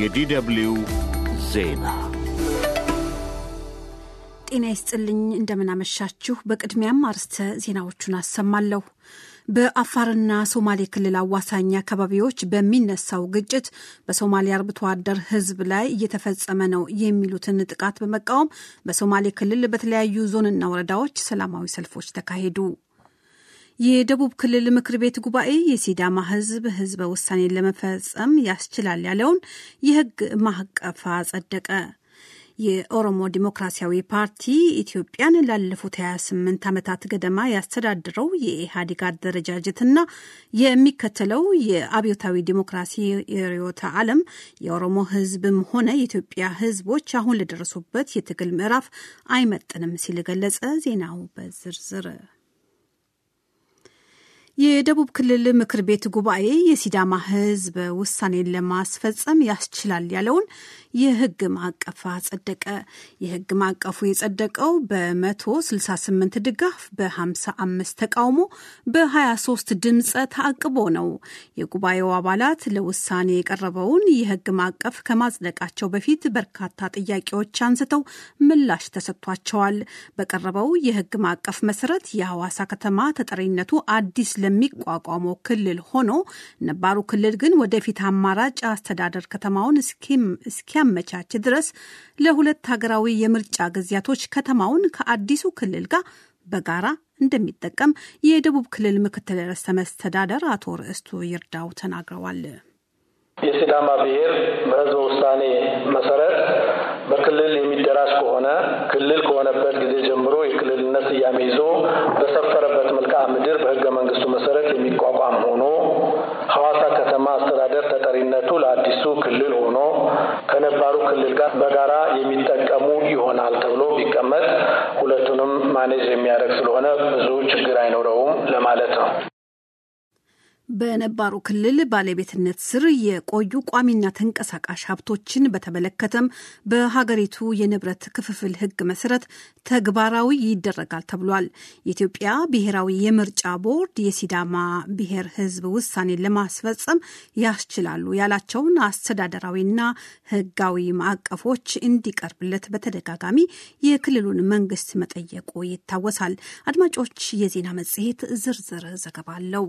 የዲደብሊው ዜና ጤና ይስጥልኝ። እንደምናመሻችሁ። በቅድሚያም አርስተ ዜናዎቹን አሰማለሁ። በአፋርና ሶማሌ ክልል አዋሳኝ አካባቢዎች በሚነሳው ግጭት በሶማሌ አርብቶ አደር ሕዝብ ላይ እየተፈጸመ ነው የሚሉትን ጥቃት በመቃወም በሶማሌ ክልል በተለያዩ ዞንና ወረዳዎች ሰላማዊ ሰልፎች ተካሄዱ። የደቡብ ክልል ምክር ቤት ጉባኤ የሲዳማ ህዝብ ህዝበ ውሳኔን ለመፈጸም ያስችላል ያለውን የህግ ማዕቀፍ አጸደቀ። የኦሮሞ ዲሞክራሲያዊ ፓርቲ ኢትዮጵያን ላለፉት 28 ዓመታት ገደማ ያስተዳድረው የኢህአዴግ አደረጃጀትና የሚከተለው የአብዮታዊ ዲሞክራሲ ርዕዮተ ዓለም የኦሮሞ ህዝብም ሆነ የኢትዮጵያ ህዝቦች አሁን ለደረሱበት የትግል ምዕራፍ አይመጥንም ሲል ገለጸ። ዜናው በዝርዝር የደቡብ ክልል ምክር ቤት ጉባኤ የሲዳማ ሕዝብ ውሳኔን ለማስፈጸም ያስችላል ያለውን የሕግ ማዕቀፍ አጸደቀ። የህግ ማዕቀፉ የጸደቀው በ168 ድጋፍ፣ በ55 ተቃውሞ፣ በ23 ድምፀ ተአቅቦ ነው። የጉባኤው አባላት ለውሳኔ የቀረበውን የህግ ማዕቀፍ ከማጽደቃቸው በፊት በርካታ ጥያቄዎች አንስተው ምላሽ ተሰጥቷቸዋል። በቀረበው የህግ ማዕቀፍ መሰረት የሐዋሳ ከተማ ተጠሪነቱ አዲስ ለሚቋቋመው ክልል ሆኖ ነባሩ ክልል ግን ወደፊት አማራጭ አስተዳደር ከተማውን እስኪያመቻች ድረስ ለሁለት ሀገራዊ የምርጫ ጊዜያቶች ከተማውን ከአዲሱ ክልል ጋር በጋራ እንደሚጠቀም የደቡብ ክልል ምክትል ርዕሰ መስተዳደር አቶ ርዕስቱ ይርዳው ተናግረዋል። የሲዳማ ብሔር በህዝበ ውሳኔ መሰረት በክልል የሚደራጅ ከሆነ ክልል ከሆነበት ጊዜ ጀምሮ የክልልነት ስያሜ ይዞ በሰፈረበት መልክዓ ምድር በህገ መንግስቱ መሰረት የሚቋቋም ሆኖ ሐዋሳ ከተማ አስተዳደር ተጠሪነቱ ለአዲሱ ክልል ሆኖ ከነባሩ ክልል ጋር በጋራ የሚጠቀሙ ይሆናል ተብሎ ቢቀመጥ ሁለቱንም ማኔጅ የሚያደርግ ስለሆነ ብዙ ችግር አይኖረውም ለማለት ነው። በነባሩ ክልል ባለቤትነት ስር የቆዩ ቋሚና ተንቀሳቃሽ ሀብቶችን በተመለከተም በሀገሪቱ የንብረት ክፍፍል ሕግ መሰረት ተግባራዊ ይደረጋል ተብሏል። የኢትዮጵያ ብሔራዊ የምርጫ ቦርድ የሲዳማ ብሔር ሕዝብ ውሳኔን ለማስፈጸም ያስችላሉ ያላቸውን አስተዳደራዊና ሕጋዊ ማዕቀፎች እንዲቀርብለት በተደጋጋሚ የክልሉን መንግስት መጠየቁ ይታወሳል። አድማጮች፣ የዜና መጽሔት ዝርዝር ዘገባ አለው።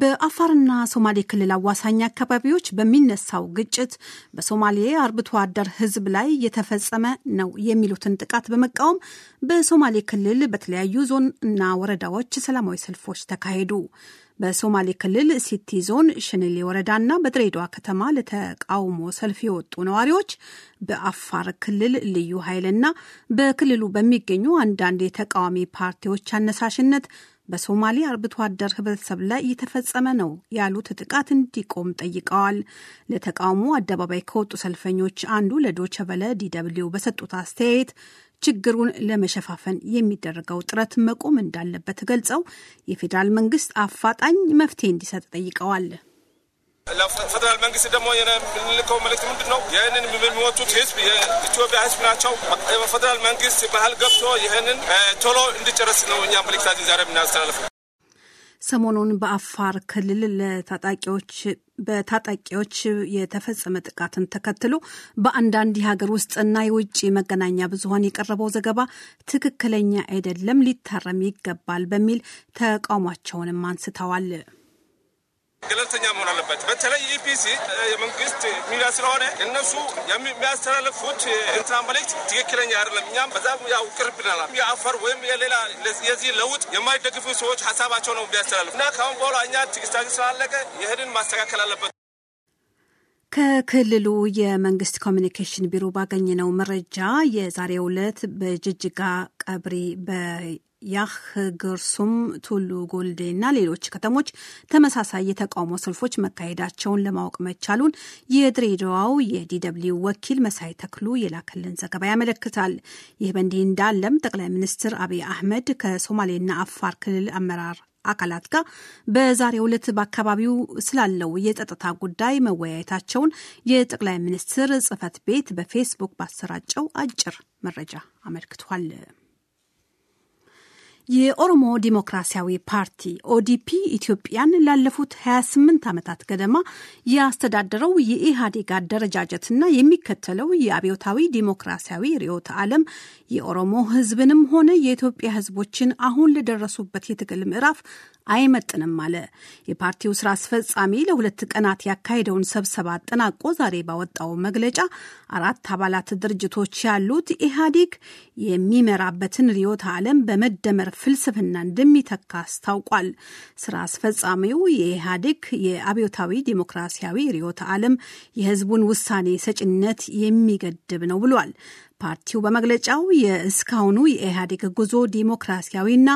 በአፋርና ሶማሌ ክልል አዋሳኝ አካባቢዎች በሚነሳው ግጭት በሶማሌ አርብቶ አደር ሕዝብ ላይ የተፈጸመ ነው የሚሉትን ጥቃት በመቃወም በሶማሌ ክልል በተለያዩ ዞን እና ወረዳዎች ሰላማዊ ሰልፎች ተካሄዱ። በሶማሌ ክልል ሲቲ ዞን ሽንሌ ወረዳና በድሬዳዋ ከተማ ለተቃውሞ ሰልፍ የወጡ ነዋሪዎች በአፋር ክልል ልዩ ኃይልና በክልሉ በሚገኙ አንዳንድ የተቃዋሚ ፓርቲዎች አነሳሽነት በሶማሌ አርብቶ አደር ህብረተሰብ ላይ እየተፈጸመ ነው ያሉት ጥቃት እንዲቆም ጠይቀዋል። ለተቃውሞ አደባባይ ከወጡ ሰልፈኞች አንዱ ለዶቸበለ ቬለ ዲደብሊው በሰጡት አስተያየት ችግሩን ለመሸፋፈን የሚደረገው ጥረት መቆም እንዳለበት ገልጸው የፌዴራል መንግስት አፋጣኝ መፍትሄ እንዲሰጥ ጠይቀዋል። ለፌደራል መንግስት ደግሞ የምንልከው መልእክት ምንድን ነው? ይህንን የሚሞቱት ህዝብ የኢትዮጵያ ህዝብ ናቸው። የፌደራል መንግስት ባህል ገብቶ ይህንን ቶሎ እንዲጨረስ ነው እኛ መልእክታችን ዛሬ የምናስተላልፈው። ሰሞኑን በአፋር ክልል ለታጣቂዎች በታጣቂዎች የተፈጸመ ጥቃትን ተከትሎ በአንዳንድ የሀገር ውስጥና የውጭ መገናኛ ብዙኃን የቀረበው ዘገባ ትክክለኛ አይደለም፣ ሊታረም ይገባል በሚል ተቃውሟቸውንም አንስተዋል። ገለልተኛ መሆን አለበት። በተለይ ኢፒሲ e የመንግስት ሚዲያ ስለሆነ እነሱ የሚያስተላልፉት እንትና መልእክት ትክክለኛ አይደለም። እኛም በዛም ያው ቅርብ ይላል። የአፋር ወይም የሌላ የዚህ ለውጥ የማይደግፉ ሰዎች ሀሳባቸው ነው የሚያስተላልፉ እና ከአሁን በኋላ እኛ ትግስታችን ስላለቀ ይህንን ማስተካከል አለበት። ከክልሉ የመንግስት ኮሚኒኬሽን ቢሮ ባገኘነው መረጃ የዛሬው ዕለት በጅጅጋ ቀብሪ ያህ ግርሱም፣ ቱሉ ጎልዴና ሌሎች ከተሞች ተመሳሳይ የተቃውሞ ሰልፎች መካሄዳቸውን ለማወቅ መቻሉን የድሬዳዋው የዲደብሊው ወኪል መሳይ ተክሉ የላከልን ዘገባ ያመለክታል። ይህ በእንዲህ እንዳለም ጠቅላይ ሚኒስትር አብይ አህመድ ከሶማሌና አፋር ክልል አመራር አካላት ጋር በዛሬው ዕለት በአካባቢው ስላለው የጸጥታ ጉዳይ መወያየታቸውን የጠቅላይ ሚኒስትር ጽህፈት ቤት በፌስቡክ ባሰራጨው አጭር መረጃ አመልክቷል። የኦሮሞ ዲሞክራሲያዊ ፓርቲ ኦዲፒ ኢትዮጵያን ላለፉት 28 ዓመታት ገደማ ያስተዳደረው የኢህአዴግ አደረጃጀትና የሚከተለው የአብዮታዊ ዲሞክራሲያዊ ርዕዮተ ዓለም የኦሮሞ ሕዝብንም ሆነ የኢትዮጵያ ሕዝቦችን አሁን ለደረሱበት የትግል ምዕራፍ አይመጥንም አለ። የፓርቲው ስራ አስፈጻሚ ለሁለት ቀናት ያካሄደውን ስብሰባ አጠናቆ ዛሬ ባወጣው መግለጫ አራት አባላት ድርጅቶች ያሉት ኢህአዴግ የሚመራበትን ርዕዮተ ዓለም በመደመር ፍልስፍና እንደሚተካ አስታውቋል። ስራ አስፈጻሚው የኢህአዴግ የአብዮታዊ ዲሞክራሲያዊ ርዕዮተ ዓለም የህዝቡን ውሳኔ ሰጪነት የሚገድብ ነው ብሏል። ፓርቲው በመግለጫው የእስካሁኑ የኢህአዴግ ጉዞ ዲሞክራሲያዊና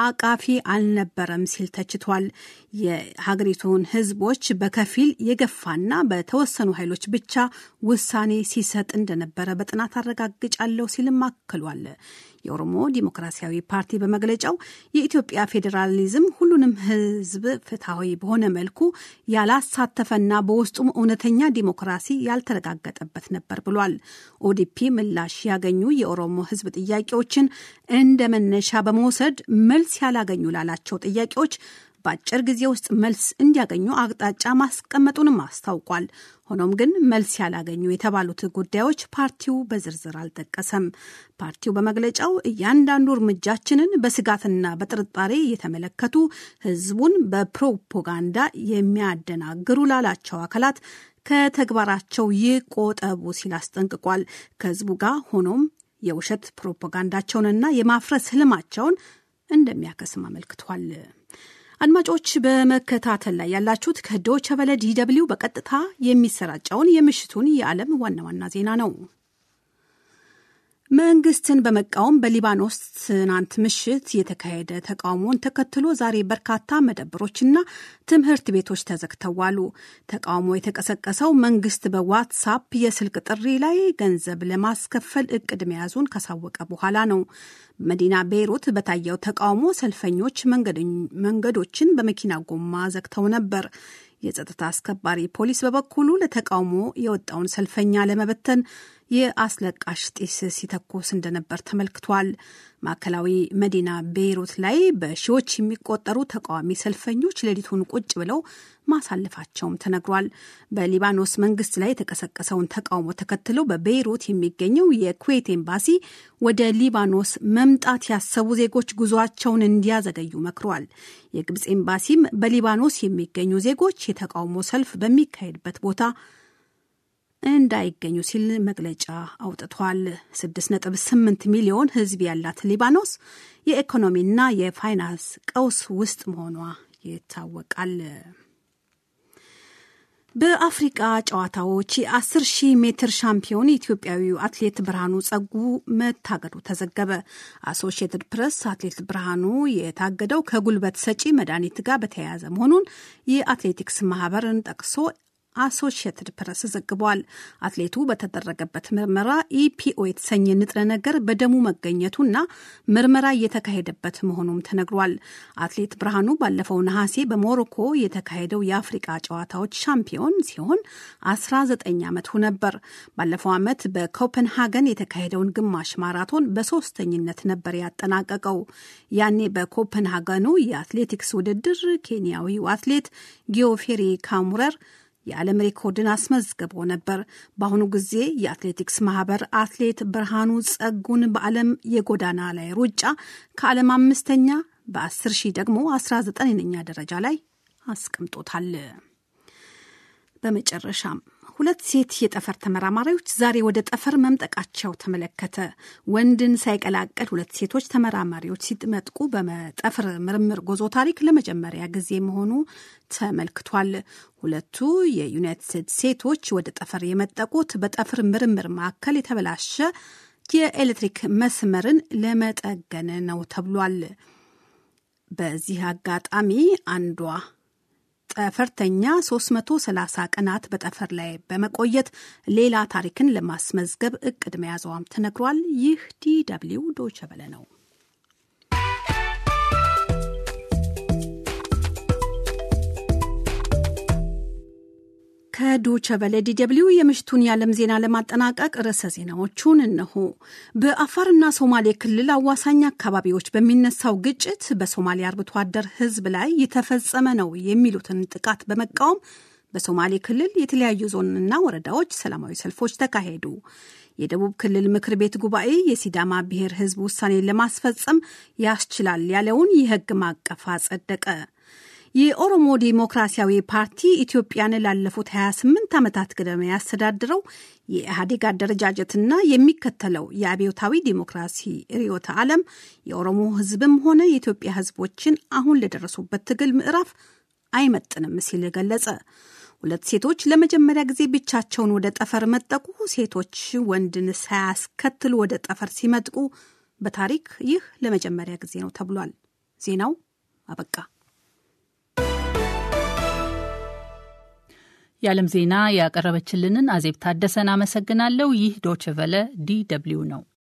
አቃፊ አልነበረም ሲል ተችቷል። የሀገሪቱን ህዝቦች በከፊል የገፋና በተወሰኑ ኃይሎች ብቻ ውሳኔ ሲሰጥ እንደነበረ በጥናት አረጋግጫለሁ ሲልም አክሏል። የኦሮሞ ዲሞክራሲያዊ ፓርቲ በመግለጫው የኢትዮጵያ ፌዴራሊዝም ሁሉንም ህዝብ ፍትሐዊ በሆነ መልኩ ያላሳተፈና በውስጡም እውነተኛ ዲሞክራሲ ያልተረጋገጠበት ነበር ብሏል። ኦዲፒ ምላሽ ያገኙ የኦሮሞ ህዝብ ጥያቄዎችን እንደ መነሻ በመውሰድ መልስ ያላገኙ ላላቸው ጥያቄዎች በአጭር ጊዜ ውስጥ መልስ እንዲያገኙ አቅጣጫ ማስቀመጡንም አስታውቋል። ሆኖም ግን መልስ ያላገኙ የተባሉት ጉዳዮች ፓርቲው በዝርዝር አልጠቀሰም። ፓርቲው በመግለጫው እያንዳንዱ እርምጃችንን በስጋትና በጥርጣሬ የተመለከቱ ሕዝቡን በፕሮፓጋንዳ የሚያደናግሩ ላላቸው አካላት ከተግባራቸው ይቆጠቡ ሲል አስጠንቅቋል። ከሕዝቡ ጋር ሆኖም የውሸት ፕሮፓጋንዳቸውንና የማፍረስ ህልማቸውን እንደሚያከስም አመልክቷል። አድማጮች በመከታተል ላይ ያላችሁት ከዶቸበለ ቨለ በቀጥታ የሚሰራጨውን የምሽቱን የዓለም ዋና ዋና ዜና ነው። መንግስትን በመቃወም በሊባኖስ ትናንት ምሽት የተካሄደ ተቃውሞን ተከትሎ ዛሬ በርካታ መደብሮችና ትምህርት ቤቶች ተዘግተዋሉ። ተቃውሞ የተቀሰቀሰው መንግስት በዋትሳፕ የስልክ ጥሪ ላይ ገንዘብ ለማስከፈል እቅድ መያዙን ካሳወቀ በኋላ ነው። መዲና ቤይሩት በታየው ተቃውሞ ሰልፈኞች መንገዶችን በመኪና ጎማ ዘግተው ነበር። የጸጥታ አስከባሪ ፖሊስ በበኩሉ ለተቃውሞ የወጣውን ሰልፈኛ ለመበተን የአስለቃሽ ጢስ ሲተኮስ እንደነበር ተመልክቷል። ማዕከላዊ መዲና ቤይሩት ላይ በሺዎች የሚቆጠሩ ተቃዋሚ ሰልፈኞች ሌሊቱን ቁጭ ብለው ማሳለፋቸውም ተነግሯል። በሊባኖስ መንግስት ላይ የተቀሰቀሰውን ተቃውሞ ተከትሎ በቤይሩት የሚገኘው የኩዌት ኤምባሲ ወደ ሊባኖስ መምጣት ያሰቡ ዜጎች ጉዞቸውን እንዲያዘገዩ መክሯል። የግብፅ ኤምባሲም በሊባኖስ የሚገኙ ዜጎች የተቃውሞ ሰልፍ በሚካሄድበት ቦታ እንዳይገኙ ሲል መግለጫ አውጥቷል። 6.8 ሚሊዮን ሕዝብ ያላት ሊባኖስ የኢኮኖሚና የፋይናንስ ቀውስ ውስጥ መሆኗ ይታወቃል። በአፍሪቃ ጨዋታዎች የአስር ሺህ ሜትር ሻምፒዮን ኢትዮጵያዊው አትሌት ብርሃኑ ጸጉ መታገዱ ተዘገበ። አሶሺየትድ ፕሬስ አትሌት ብርሃኑ የታገደው ከጉልበት ሰጪ መድኃኒት ጋር በተያያዘ መሆኑን የአትሌቲክስ ማህበርን ጠቅሶ አሶሺየትድ ፕረስ ዘግቧል። አትሌቱ በተደረገበት ምርመራ ኢፒኦ የተሰኘ ንጥረ ነገር በደሙ መገኘቱና ምርመራ እየተካሄደበት መሆኑም ተነግሯል። አትሌት ብርሃኑ ባለፈው ነሐሴ በሞሮኮ የተካሄደው የአፍሪቃ ጨዋታዎች ሻምፒዮን ሲሆን 19 ዓመቱ ነበር። ባለፈው ዓመት በኮፐንሃገን የተካሄደውን ግማሽ ማራቶን በሶስተኝነት ነበር ያጠናቀቀው። ያኔ በኮፐንሃገኑ የአትሌቲክስ ውድድር ኬንያዊው አትሌት ጊዮፌሪ ካሙረር የዓለም ሬኮርድን አስመዝግቦ ነበር። በአሁኑ ጊዜ የአትሌቲክስ ማህበር አትሌት ብርሃኑ ጸጉን በዓለም የጎዳና ላይ ሩጫ ከዓለም አምስተኛ በ10 ሺህ ደግሞ 19ኛ ደረጃ ላይ አስቀምጦታል። በመጨረሻም ሁለት ሴት የጠፈር ተመራማሪዎች ዛሬ ወደ ጠፈር መምጠቃቸው ተመለከተ። ወንድን ሳይቀላቀል ሁለት ሴቶች ተመራማሪዎች ሲመጥቁ በጠፈር ምርምር ጉዞ ታሪክ ለመጀመሪያ ጊዜ መሆኑ ተመልክቷል። ሁለቱ የዩናይትድ ሴቶች ወደ ጠፈር የመጠቁት በጠፈር ምርምር ማዕከል የተበላሸ የኤሌክትሪክ መስመርን ለመጠገን ነው ተብሏል። በዚህ አጋጣሚ አንዷ ጠፈርተኛ 330 ቀናት በጠፈር ላይ በመቆየት ሌላ ታሪክን ለማስመዝገብ እቅድ መያዘዋም ተነግሯል። ይህ ዲ ደብልዩ በለ ነው። ከዶቸ በለ ዲደብሊው የምሽቱን የዓለም ዜና ለማጠናቀቅ ርዕሰ ዜናዎቹን እነሆ። በአፋርና ሶማሌ ክልል አዋሳኝ አካባቢዎች በሚነሳው ግጭት በሶማሌ አርብቶ አደር ሕዝብ ላይ የተፈጸመ ነው የሚሉትን ጥቃት በመቃወም በሶማሌ ክልል የተለያዩ ዞንና ወረዳዎች ሰላማዊ ሰልፎች ተካሄዱ። የደቡብ ክልል ምክር ቤት ጉባኤ የሲዳማ ብሔር ሕዝብ ውሳኔን ለማስፈጸም ያስችላል ያለውን የሕግ ማቀፍ አጸደቀ። የኦሮሞ ዴሞክራሲያዊ ፓርቲ ኢትዮጵያን ላለፉት 28 ዓመታት ገደማ ያስተዳድረው የኢህአዴግ አደረጃጀትና የሚከተለው የአብዮታዊ ዲሞክራሲ ርዕዮተ ዓለም የኦሮሞ ህዝብም ሆነ የኢትዮጵያ ህዝቦችን አሁን ለደረሱበት ትግል ምዕራፍ አይመጥንም ሲል ገለጸ። ሁለት ሴቶች ለመጀመሪያ ጊዜ ብቻቸውን ወደ ጠፈር መጠቁ። ሴቶች ወንድን ሳያስከትሉ ወደ ጠፈር ሲመጥቁ በታሪክ ይህ ለመጀመሪያ ጊዜ ነው ተብሏል። ዜናው አበቃ። የዓለም ዜና ያቀረበችልንን አዜብ ታደሰን አመሰግናለሁ። ይህ ዶችቨለ ዲ ደብልዩ ነው።